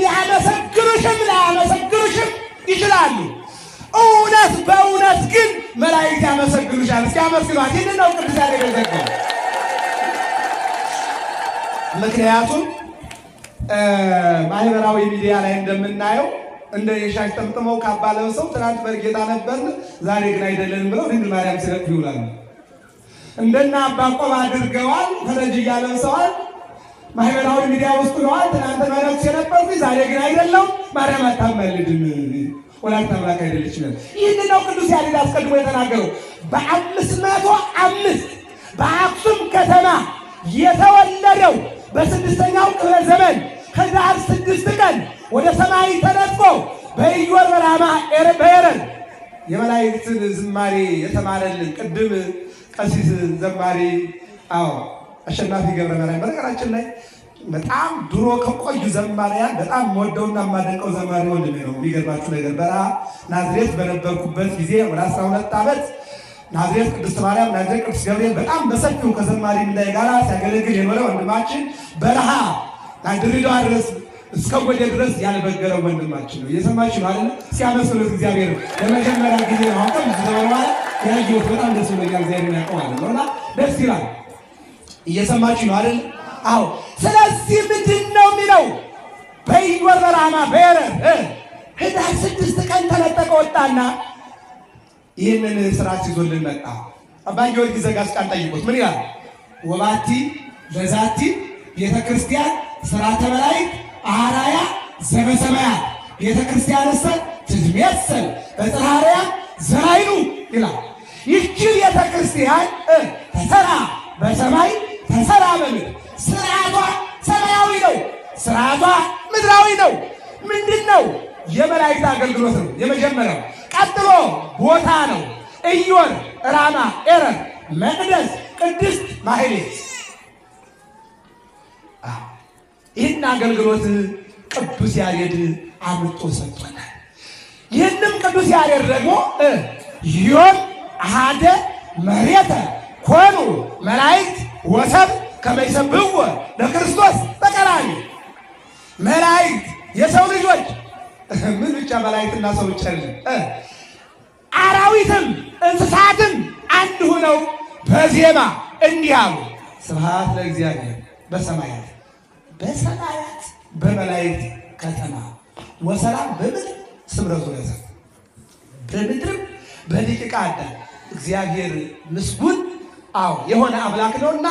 ሊያመሰግኑሽም ላያመሰግኑሽም ይችላሉ። እውነት በእውነት ግን መላእክት ያመሰግኑሻል። እስኪ አመስግኗት። ይህን ነው ቅዱስ ያሬድ ምክንያቱም ማህበራዊ ሚዲያ ላይ እንደምናየው እንደ የሻሽ ጠምጥመው ካባ ለብሰው ትናንት በርጌታ ነበርን ዛሬ ግን አይደለንም ብለው ድንግል ማርያም ሲለቅሱ ይውላሉ። እንደና አባ ቆብ አድርገዋል፣ ፈረጅያ ለብሰዋል። ማህበራዊ ሚዲያ ውስጥ ነዋል። ትናንትና ነግስ የነበርኩኝ ዛሬ ግን አይደለም። ማርያም አታመልድም፣ ወላዲተ አምላክ አይደለችም። ይህን ነው ቅዱስ ያሬድ አስቀድሞ የተናገረው። በአምስት መቶ አምስት በአክሱም ከተማ የተወለደው በስድስተኛው ክፍለ ዘመን ህዳር ስድስት ቀን ወደ ሰማይ ተነጥቆ በኢዮር በራማ በየረን የመላእክትን ዝማሬ የተማረልን ቅድም ቀሲስ ዘማሪ አዎ አሸናፊ ገብረመድህን በነገራችን ላይ በጣም ድሮ ከቆዩ ዘማሪያን በጣም ወደውና የማደንቀው ዘማሪ ወንድሜ ነው። የሚገርማችሁ ነገር በረሃ ናዝሬት በነበርኩበት ጊዜ ወደ ሁለት ዓመት ናዝሬት ቅድስት ማርያም፣ ናዝሬት ቅዱስ ገብርኤል በጣም በሰፊው ከዘማሪ ምላይ ጋር ሲያገለግል የኖረ ወንድማችን በረሃ ድሬዳዋ ድረስ እስከ ወደ ድረስ ያልበገረው ወንድማችን ነው። እየሰማችሁ ነው አይደል? ሲያመስሉት እግዚአብሔር ለመጀመሪያ ጊዜ ማቀም ዝተበረዋል ዘበረዋል ያየሁት በጣም ደስ ብሎኛል። እግዚአብሔር ያውቀዋል ነው ደስ ይላል። እየሰማችሁ ነው አይደል? አዎ። ስለዚህ ምንድን ነው የሚለው? በኢዮር በረ በኤረር ህዳር ስድስት ቀን ተነጠቀ ወጣና ይህንን ስርዓት ይዞልን መጣ። አባ ጊዮርጊስ ዘጋስጫን ጠይቁት ምን ይላል? ወባቲ ለዛቲ ቤተ ክርስቲያን ስርዓተ መላእክት አራያ ዘበሰማያት ቤተ ክርስቲያን ሰ ትድሜሰል በጽርሐ ዘራይኑ ይላል። ይህቺ ቤተ ክርስቲያን ተሰራ በሰማይ ተሰላመኑ። ስርዓቷ ሰማያዊ ነው፣ ስርዓቷ ምድራዊ ነው። ምንድን ነው? የመላእክት አገልግሎት ነው የመጀመሪያው። ቀጥሎ ቦታ ነው። እዮን ራማ፣ ኤረር፣ መቅደስ፣ ቅድስት፣ ማህሌት ይህን አገልግሎት ቅዱስ ያሬድ አምጦ ሰጥቶናል። ይህንም ቅዱስ ያሬድ ደግሞ ዮም አሃደ መሬተ ኮኑ መላእክት ወሰብ ከመይሰብህዎ ለክርስቶስ በቀራኒ መላእክት የሰው ልጆች ምን ብቻ መላእክትና ሰው ብቻ አራዊትም እንስሳትም አንድ ሆነው በዜማ እንዲህ አሉ፣ ስብሐት ለእግዚአብሔር በሰማያት በሰማያት በመላእክት ከተማ ወሰላም በምድር ስምረቱ ለሰብእ በምድርም በደቂቀ አዳም እግዚአብሔር ምስጉን አዎ የሆነ አምላክ ነውና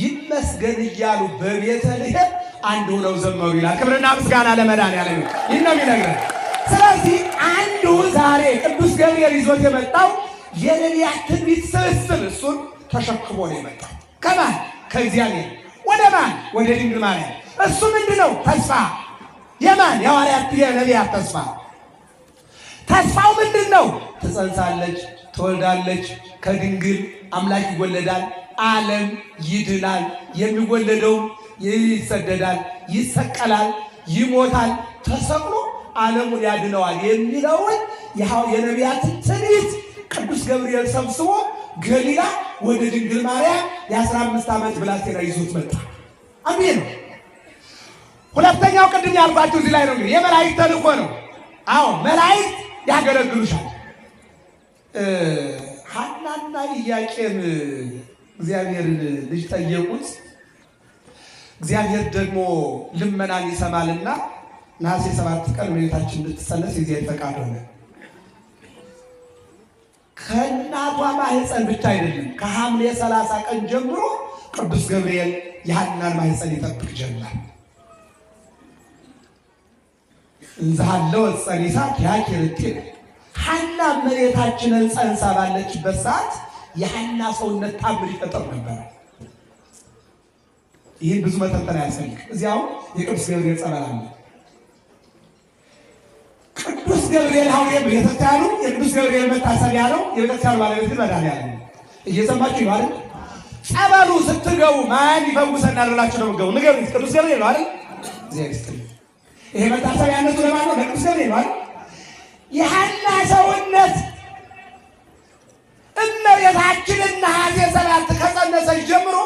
ይመስገን እያሉ በቤተ ልሔም አንድ ሆነው ዘመሩ ይላል። ክብርና ምስጋና ለመድኃኒዓለም ይህ ነው የሚነግረን። ስለዚህ አንዱ ዛሬ ቅዱስ ገብርኤል ይዞት የመጣው የነቢያት ትንቢት ስብስብ እሱን ተሸክሞ ነው የመጣው። ከማን ከእግዚአብሔር ወደ ማን ወደ ድንግል ማርያም። እሱ ምንድን ነው ተስፋ የማን የሐዋርያት የነቢያት ተስፋ። ተስፋው ምንድን ነው? ትጸንሳለች ትወልዳለች፣ ከድንግል አምላክ ይወለዳል፣ ዓለም ይድናል። የሚወለደው ይሰደዳል፣ ይሰቀላል፣ ይሞታል፣ ተሰቅሎ ዓለሙን ያድነዋል የሚለውን የነቢያትን ትንቢት ቅዱስ ገብርኤል ሰብስቦ ገሊላ ወደ ድንግል ማርያም የአስራ አምስት ዓመት ብላቴና ይዞት መጣ። አሜን። ሁለተኛው ቅድም ያልኳችሁ እዚህ ላይ ነው። እንግዲህ የመላእክት ተልእኮ ነው። አዎ መላእክት ያገለግሉሻል። ሐናና ኢያቄም እግዚአብሔርን ልጅ ጠየቁት። እግዚአብሔር ደግሞ ልመናን ይሰማልና ነሐሴ ሰባት ቀን እንድትጸነስ ፈቃድ ሆነ። ከእናቷ ማህፀን ብቻ አይደለም፣ ከሐምሌ ሰላሳ ቀን ጀምሮ ቅዱስ ገብርኤል የሐናን ማህፀን ይጠብቅ ጸኒሳ ሀና መሬታችንን ፀንሳ ባለችበት ሰዓት የሐና ሰውነት ታምር ይፈጠር ነበር። ይህን ብዙ መተንተን አያስፈልግ። እዚያው የቅዱስ ገብርኤል ጸበል አለ። ቅዱስ ገብርኤል ሐውሬ ያሉ የቅዱስ ገብርኤል መታሰብ ያለው ነው። ያሉ ባለቤት ግን ያለ እየሰማችሁ ይባል ጸበሉ ስትገቡ ማን ይፈውሰናል ብላችሁ ነው የምትገቡ? ንገሩ። ቅዱስ ገብርኤል ነው አይደል? ይሄ መታሰቢያነቱ ለማለት ነው? ለቅዱስ ገብርኤል ነው አይደል? የሐና ሰውነት እመቤታችንና ሐምሌ ሰባት ከጸነሰች ጀምሮ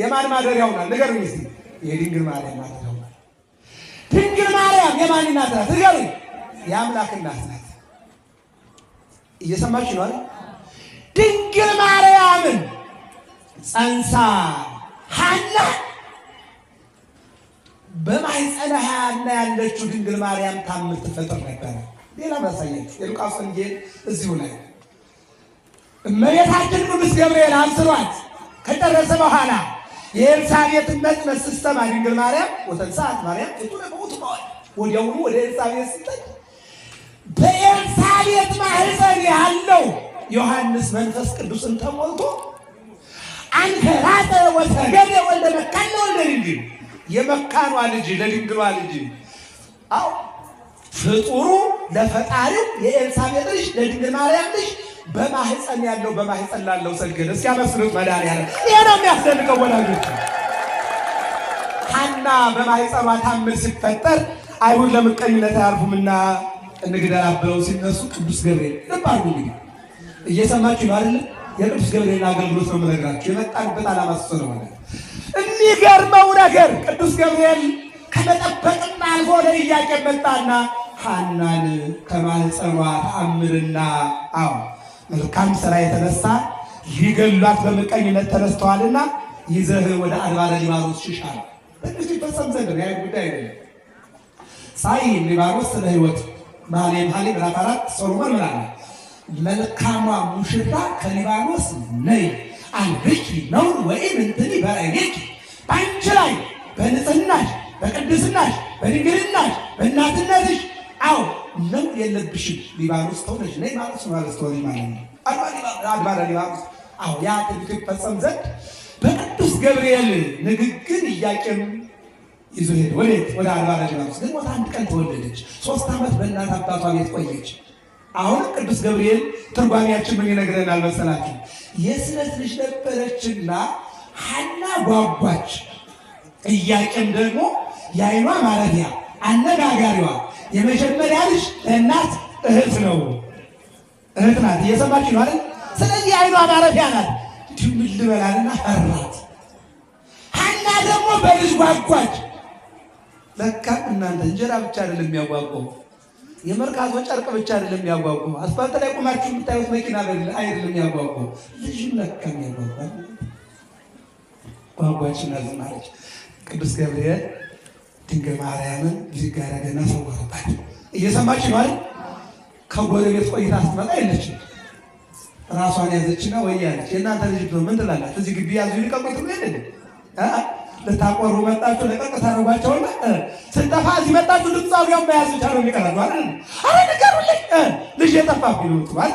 የማን ማደሪያ ሆናል? ንገሩኝ እስኪ። የድንግል ማርያም ማደሪያ ሆናል። ድንግል ማርያም የማን እናት ናት? ንገሩኝ። የአምላክ እናት ናት። እየሰማችሁ ነው አይደል? ድንግል ማርያምን ጸንሳ ሐና በማህፀነ ሐና ያለችው ድንግል ማርያም ታምር ትፈጥር ነበረ። ሌላ ማሳየት የሉቃስ ወንጌል እዚሁ ላይ እመቤታችን ቅዱስ ገብርኤል አንስሯት ከጨረሰ በኋላ የኤልሳቤጥን መቅመስ ስተማ ድንግል ማርያም ወተንሳት ማርያም እቱ ለሞት ማዋል ወዲያውኑ ወደ ኤልሳቤጥ ስትል በኤልሳቤጥ ማህፀን ያለው ዮሐንስ መንፈስ ቅዱስን ተሞልቶ አንከራተ ወሰገደ ወልደ መካን ወልደ ድንግል የመካኗ ልጅ ለድንግሏ ልጅ አዎ ፍጡሩ ለፈጣሪው የኤልሳቤጥ ልጅ ለድንግል ማርያም ልጅ በማህፀን ያለው በማህፀን ላለው ሰግድ እስኪ ያመስሉት መድኃኒዓለም። ይሄ ነው የሚያስደንቀው ወላጆች። ሐና በማህፀኗ ታምር ሲፈጠር አይሁድ ለምቀኝነት አያልፉምና እንግደላ ብለው ሲነሱ ቅዱስ ገብርኤል ልብ አድርጉ። እንግዲህ እየሰማችሁ ነው አይደል? የቅዱስ ገብርኤል አገልግሎት ነው የምነግራችሁ። የመጣንበት ዓላማ እሱ ማለት የሚገርመው ነገር ቅዱስ ገብርኤል ከመጠበቅና አልፎ ወደ ኢያቄም መጣና ሐናን ከማህፀኗ ተአምርና አዎ መልካም ስራ የተነሳ ሊገሏት በምቀኝነት ተነስተዋልና ይዘህ ወደ አድባረ ሊባኖስ ሽሻል። አለ። በእንግዲህ በሰም ዘንድ ያ ጉዳይ አይደለም። ሳይ ሊባኖስ ስለ ህይወት ባህሌ ባህሌ ምዕራፍ አራት ሶሎሞን ምናለ መልካሟ ሙሽራ ከሊባኖስ ነይ አንቺ ነውር ወይም እንትኒ በረኔች በአንቺ ላይ በንጽህናሽ፣ በቅድስናሽ፣ በድንግልናሽ፣ በእናትነትሽ አዎ ለውጥ የለብሽም። ሊባኖስ ተውነሽ ነይ ማለት ማለት ተሆነ ማለት ነው። አድባረ ሊባኖስ አዎ ያ ትንቢት ይፈጸም ዘንድ በቅዱስ ገብርኤል ንግግር ኢያቄም ይዞ ሄደ። ወዴት? ወደ አድባረ ሊባኖስ። ግንቦት አንድ ቀን ተወለደች። ሶስት ዓመት በእናት አባቷ ቤት ቆየች። አሁን ቅዱስ ገብርኤል ትርጓሚያችን ምን ይነግረናል መሰላችሁ? የስለት ልጅ ነበረችና ሐና ጓጓች፣ ኢያቄም ደግሞ የዓይኗ ማረፊያ አነጋጋሪዋ የመጀመሪያ ልጅ እናት እህት ነው፣ እህት ናት። እየሰማችሁ ነው አይደል? ስለዚህ አይኗ ማረፊያ ናት። ድምል ልበላልና ፈራት። ሀና ደግሞ በልጅ ጓጓች። ለካም እናንተ እንጀራ ብቻ አይደለም የሚያጓጓው የመርካቶ ጨርቅ ብቻ አይደለም የሚያጓጓው አስፋልት ላይ ቆማችሁ የምታዩት መኪና አይደለም የሚያጓጓው ልጅ ለካ የሚያጓጓ ጓጓችን አዝማለች ቅዱስ ገብርኤል ድንግል ማርያምን እዚህ ጋር ደና እየሰማች ነው አይደል? ከጎረቤት ቆይታ ስትመጣ የለችም። ራሷን ያዘችና ወይ ያለች የእናንተ ልጅ ብሎ ምን ትላላት? እዚህ ግቢ ያዙ ሊቀቁት ነው ሄደ ልታቆሩ መጣችሁ ለቀቅታ ነጓቸው ስንጠፋ እዚህ መጣችሁ ድምፃዊያን መያዝ ብቻ ነው የሚቀራሉ። አረ ንገሩልኝ ልጅ የጠፋ ብሎ ትባል።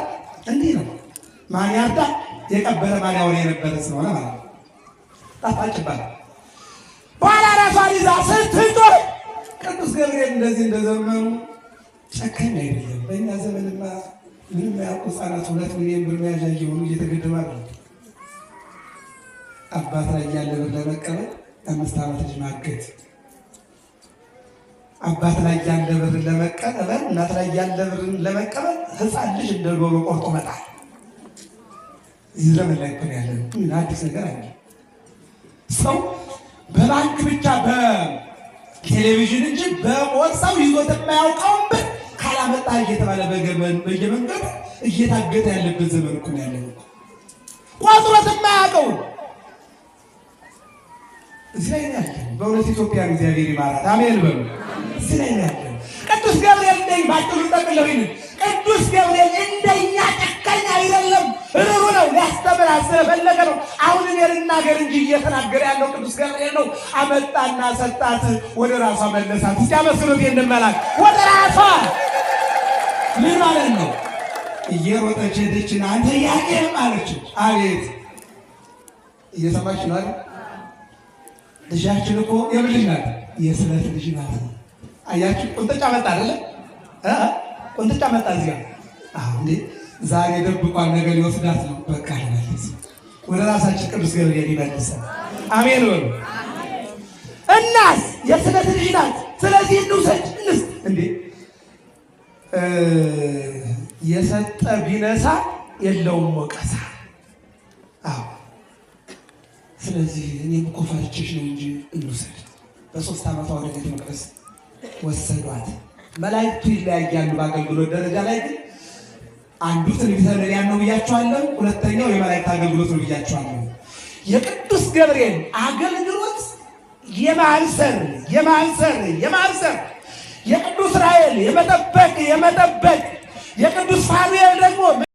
እንዲህ ነው ማን ያርዳ የቀበለ ማን ያወራ የነበረ ስለሆነ ማለት ነው ጣፋጭ ይባላል። ኋላ ይዛ ስትጮህ ቅዱስ ገብርኤል እንደዚህ እንደዘመኑ ጨካኝ አይደለም። በእኛ ዘመንማ ምንም ያውቁ ህጻናት ሁለት ሚሊዮን ብር መያዣ እየሆኑ እየተገደሉ አባት ላይ ያለ ብር ለመቀበል አምስት ዓመት ልጅ ማገት፣ አባት ላይ ያለ ብር ለመቀበል እናት ላይ ያለ ብርን ለመቀበል ህፃን ልጅ እንደ ዶሮ ቆርጦ መጣል። ይህ ዘመን ላይ ያለ ምን አዲስ ነገር አለ ሰው በባንክ ብቻ በቴሌቪዥን እንጂ በቆርሳው ይዞት የማያውቀውን ብር ካላመጣ እየተባለ በየመንገዱ እየታገተ ያለበት ዘመን እኮ ያለ ቆጥሮት የማያውቀው እዚህ ላይ ያለ በእውነት ኢትዮጵያ እግዚአብሔር ይባራት። አሜን በሉ። እዚህ ላይ ያለ ቅዱስ ገብርኤል እንደኝ ባጭሩ ጠቅለው ይህንን ቅዱስ ገብርኤል እንደኛ ጨካኝ አይደለም፣ ርሩ ነው፣ ሊያስተምር ስለፈለገ ነው። ነገር እናገር እንጂ እየተናገረ ያለው ቅዱስ ገብርኤል ነው። አመጣና ሰጣት፣ ወደ ራሷ መለሳት። እስቲ አመስግኑት እንድመላክ ወደ ራሷ ምን ማለት ነው? እየሮጠች ሄደችን። አንተ ያቄም አለችው። አቤት እየሰማች ነው አይደል? ልጃችን እኮ የምን ናት? የስለት ልጅ ናት። አያችሁ፣ ቁንጥጫ መጣ አይደለ? ቁንጥጫ መጣ እዚያ። አሁን ዛሬ ደብቋል፣ ነገ ሊወስዳት ነው። በቃ ወደ ራሳችን ቅዱስ ገብርኤል ይመልሰን። አሜን በሉ። እናስ የስበት ልጅ ናት። ስለዚህ እንውሰድ እንስ እንዴ የሰጠ ቢነሳ የለውም ወቀሳ። አዎ ስለዚህ እኔም እኮ ፈርቼሽ ነው እንጂ እንውሰድ። በሶስት ዓመቷ ወደ ቤተ መቅደስ ወሰዷት። መላእክቱ ይለያያሉ በአገልግሎት ደረጃ ላይ ግን አንዱ ትንቢተ ነቢያን ነው ብያቸዋለሁ። ሁለተኛው የመላእክት አገልግሎት ነው ብያቸዋለሁ። የቅዱስ ገብርኤል አገልግሎት የማልሰር የማልሰር የማልሰር የቅዱስ ራኤል የመጠበቅ የመጠበቅ የቅዱስ ፋኑኤል ደግሞ